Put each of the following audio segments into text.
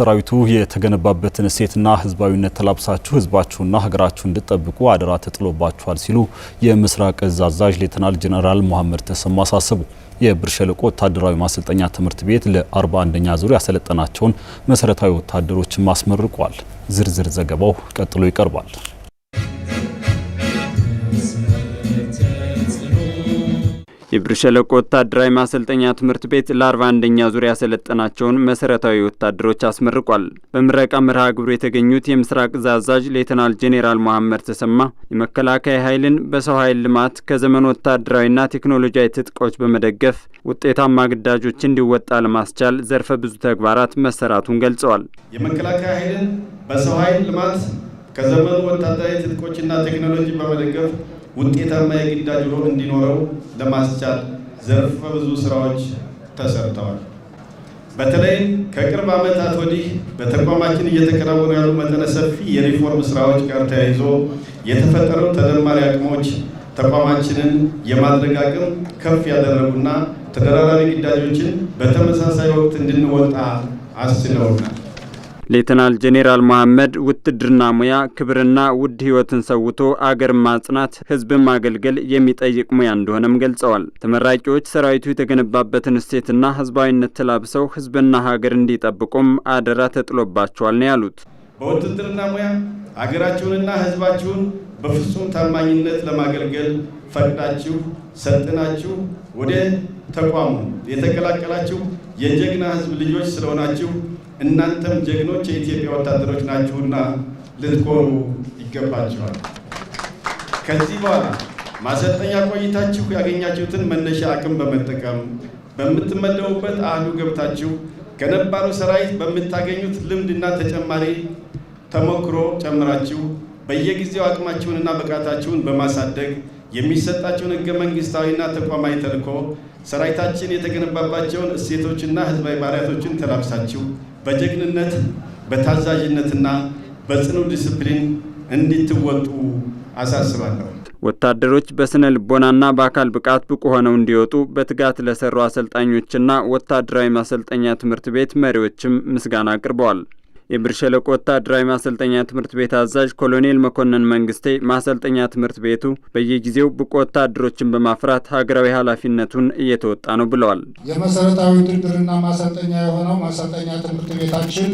ሰራዊቱ የተገነባበትን እሴትና ህዝባዊነት ተላብሳችሁ ህዝባችሁና ሀገራችሁ እንድትጠብቁ አደራ ተጥሎባችኋል ሲሉ የምስራቅ እዝ አዛዥ ሌተናል ጀነራል መሐመድ ተሰማ አሳሰቡ። የብር ሸለቆ ወታደራዊ ማሰልጠኛ ትምህርት ቤት ለ41ኛ ዙር ያሰለጠናቸውን መሰረታዊ ወታደሮችም አስመርቋል። ዝርዝር ዘገባው ቀጥሎ ይቀርባል። የብር ሸለቆ ወታደራዊ ማሰልጠኛ ትምህርት ቤት ለ41ኛ ያሰለጠናቸውን መሰረታዊ ወታደሮች አስመርቋል። በምረቃ መርሃ ግብሩ የተገኙት የምስራቅ እዝ አዛዥ ሌተናል ጄኔራል መሐመድ ተሰማ የመከላከያ ኃይልን በሰው ኃይል ልማት ከዘመን ወታደራዊና ቴክኖሎጂያዊ ትጥቆች በመደገፍ ውጤታማ ግዳጆች እንዲወጣ ለማስቻል ዘርፈ ብዙ ተግባራት መሰራቱን ገልጸዋል። የመከላከያ ኃይልን በሰው ኃይል ልማት ከዘመኑ ወታደራዊ ትጥቆችና ቴክኖሎጂ በመደገፍ ውጤታማ የግዳጅ ኑሮ እንዲኖረው ለማስቻል ዘርፈ ብዙ ስራዎች ተሰርተዋል። በተለይ ከቅርብ ዓመታት ወዲህ በተቋማችን እየተከናወኑ ያሉ መጠነ ሰፊ የሪፎርም ስራዎች ጋር ተያይዞ የተፈጠሩ ተደማሪ አቅሞች ተቋማችንን የማድረግ አቅም ከፍ ያደረጉና ተደራራቢ ግዳጆችን በተመሳሳይ ወቅት እንድንወጣ አስችለውናል። ሌተናል ጄኔራል መሐመድ ውትድርና ሙያ ክብርና ውድ ሕይወትን ሰውቶ አገር ማጽናት፣ ህዝብን ማገልገል የሚጠይቅ ሙያ እንደሆነም ገልጸዋል። ተመራቂዎች ሰራዊቱ የተገነባበትን እሴትና ህዝባዊነት ተላብሰው ህዝብና ሀገር እንዲጠብቁም አደራ ተጥሎባቸዋል ነው ያሉት። በውትድርና ሙያ አገራችሁንና ህዝባችሁን በፍጹም ታማኝነት ለማገልገል ፈቅዳችሁ ሰልጥናችሁ ወደ ተቋሙ የተቀላቀላችሁ የጀግና ህዝብ ልጆች ስለሆናችሁ እናንተም ጀግኖች የኢትዮጵያ ወታደሮች ናችሁና ልትኮሩ ይገባችኋል። ከዚህ በኋላ ማሰልጠኛ ቆይታችሁ ያገኛችሁትን መነሻ አቅም በመጠቀም በምትመደቡበት አህዱ ገብታችሁ ከነባሩ ሰራዊት በምታገኙት ልምድና ተጨማሪ ተሞክሮ ጨምራችሁ በየጊዜው አቅማችሁንና ብቃታችሁን በማሳደግ የሚሰጣችሁን ህገ መንግስታዊና ተቋማዊ ተልኮ ሰራዊታችን የተገነባባቸውን እሴቶችና ህዝባዊ ባህሪያቶችን ተላብሳችሁ በጀግንነት በታዛዥነትና በጽኑ ዲስፕሊን እንድትወጡ አሳስባለሁ። ወታደሮች በስነ ልቦናና በአካል ብቃት ብቁ ሆነው እንዲወጡ በትጋት ለሰሩ አሰልጣኞችና ወታደራዊ ማሰልጠኛ ትምህርት ቤት መሪዎችም ምስጋና አቅርበዋል። የብር ሸለቆ ወታደራዊ ማሰልጠኛ ትምህርት ቤት አዛዥ ኮሎኔል መኮንን መንግስቴ ማሰልጠኛ ትምህርት ቤቱ በየጊዜው ብቁ ወታደሮችን በማፍራት ሀገራዊ ኃላፊነቱን እየተወጣ ነው ብለዋል። የመሰረታዊ ውድድርና ማሰልጠኛ የሆነው ማሰልጠኛ ትምህርት ቤታችን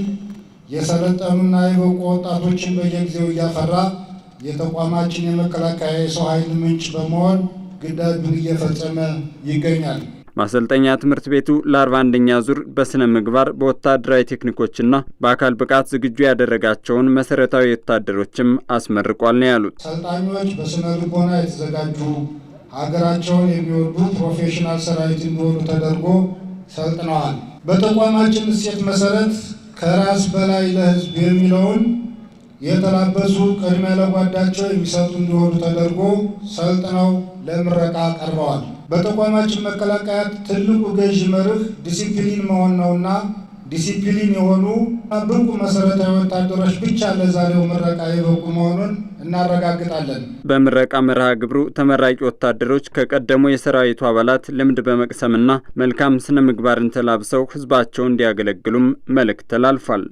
የሰለጠኑና የበቁ ወጣቶችን በየጊዜው እያፈራ የተቋማችን የመከላከያ የሰው ኃይል ምንጭ በመሆን ግዳጁን እየፈጸመ ይገኛል። ማሰልጠኛ ትምህርት ቤቱ ለ አንደኛ ዙር በስነ ምግባር በወታደራዊ ቴክኒኮችና በአካል ብቃት ዝግጁ ያደረጋቸውን መሰረታዊ ወታደሮችም አስመርቋል ነው ያሉት። ሰልጣኞች በስነ ልቦና የተዘጋጁ ሀገራቸውን የሚወዱ ፕሮፌሽናል ሰራዊት እንዲሆኑ ተደርጎ ሰልጥነዋል። በተቋማችን እሴት መሰረት ከራስ በላይ ለሕዝብ የሚለውን የተላበሱ ቅድሚያ ለጓዳቸው የሚሰጡ እንዲሆኑ ተደርጎ ሰልጥነው ለምረቃ ቀርበዋል። በተቋማችን መከላከያ ትልቁ ገዢ መርህ ዲሲፕሊን መሆን ነውና ዲሲፕሊን የሆኑ ብቁ መሰረታዊ ወታደሮች ብቻ ለዛሬው ምረቃ የበቁ መሆኑን እናረጋግጣለን። በምረቃ መርሃ ግብሩ ተመራቂ ወታደሮች ከቀደሙ የሰራዊቱ አባላት ልምድ በመቅሰምና መልካም ስነ ምግባርን ተላብሰው ህዝባቸውን እንዲያገለግሉም መልእክት ተላልፏል።